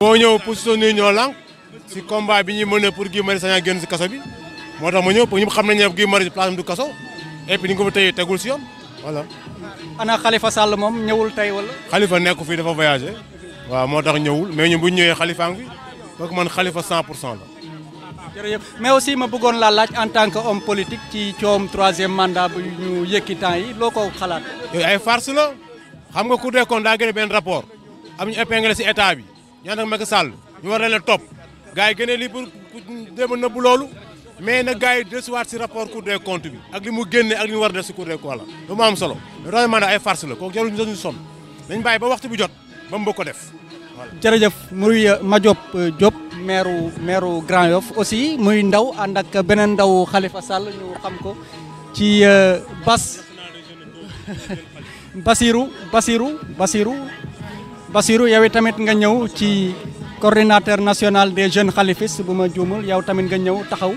moo ñëw pour soutenir ñoo lànk si combat bi ñuy mëne pour Guy Marius Sagna génn si kaso bi moo tax ma ñëw pour ñu xam nañ ne Guy Marius place du kaso et puis ni nga tey tegul si yoon voilà. ana Khalifa moom ñëwul tey wala. Khalifa nekku fii dafa voyagé. waaw moo tax ñëwul mais ñun bu ñu ñëwee xalifaa ngi man xalifa 100 pour cent la. jërëjëf mais aussi ma bëggoon laa laaj en tant que homme politique ci coom troisième mandat bu ñu yëkki temps yi loo ko xalaat. yooyu ay farce la xam nga Cour des comptes daa génne benn rapport am ñu épinglé si état bi ñu ànd ak ñu war leen a topp gars yi génne lii pour dem a nëbbu loolu mais nag gars yi desuwaat si rapport Cour des comptes bi ak li mu génne ak li mu war a def si Cour des comptes la lu mu am solo. mais troisième mandat ay farce la kooku jarul ñu sonn dañ bàyyi ba waxtu bi jot ba mu bëgg ko def. jërëjëf muy euh, Madiop euh, Diop maire maire Grand Yoff aussi muy ndaw ànd ak beneen ndaw xalifa Sall ñu xam ko ci euh, bass bassiru bassiru bassiru Basirou yow tamit nga ñëw ci coordinateur national des jeune khalifistes bu ma juumul yow tamit nga ñëw taxaw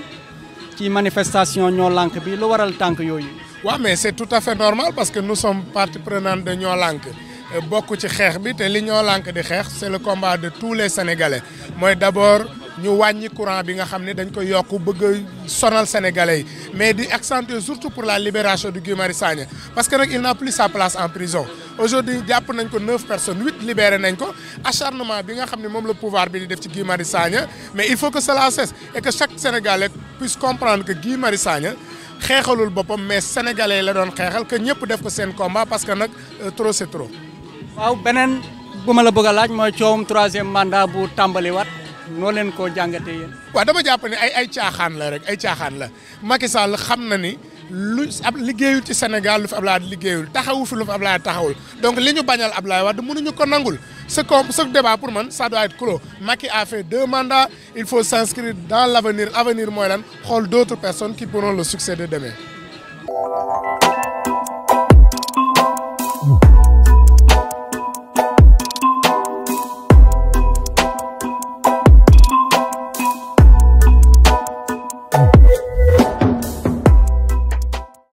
ci manifestation ñoo lànk bi lu waral tànk yooyu. waaw mais c'est tout à fait normal parce que nous sommes partie prenante de ñoo lànk bokk ci xeex bi te li ñoo lànk di xeex c'est le combat de tous les sénégalais mooy d'abord ñu wàññi courant bi nga xam ne dañ ko yokk bëgg a sonal sénégalais yi mais di accentuer surtout pour la libération de Guy Marius parce que nag il n'a plus sa place en prison aujourd'hui nañ ko neuf personnes huit libéré nañ ko acharnement bi nga xam ne moom la pouvoir bi di def ci Guy Marius Sagna mais il faut que cela cesse et que chaque sénégalais puisse comprendre que Guy Marius xeexalul boppam mais sénégalais la doon xeexal que ñëpp def ko seen combat parce que nag euh, trop c'est waaw beneen bu ma la bëgg a laaj mooy coowum troisième mandat bu tàmbaliwaat noo leen ko jàngatee yéen. waaw dama jàpp ne ay ay caaxaan la rek ay caaxaan la Macky Sall xam na ni lu ab liggéeyul ci Sénégal lu fi Abdoulaye liggéeyul taxawu fi lu fi Abdoulaye taxawul donc li ñu bañal Abdoulaye Wade mënuñu ko nangul ce com ce débat pour man ça doit être clos Macky a fait deux mandats il faut s'inscrire dans l'avenir avenir mooy lan xool d'autres personne qui pourront le succéder demain.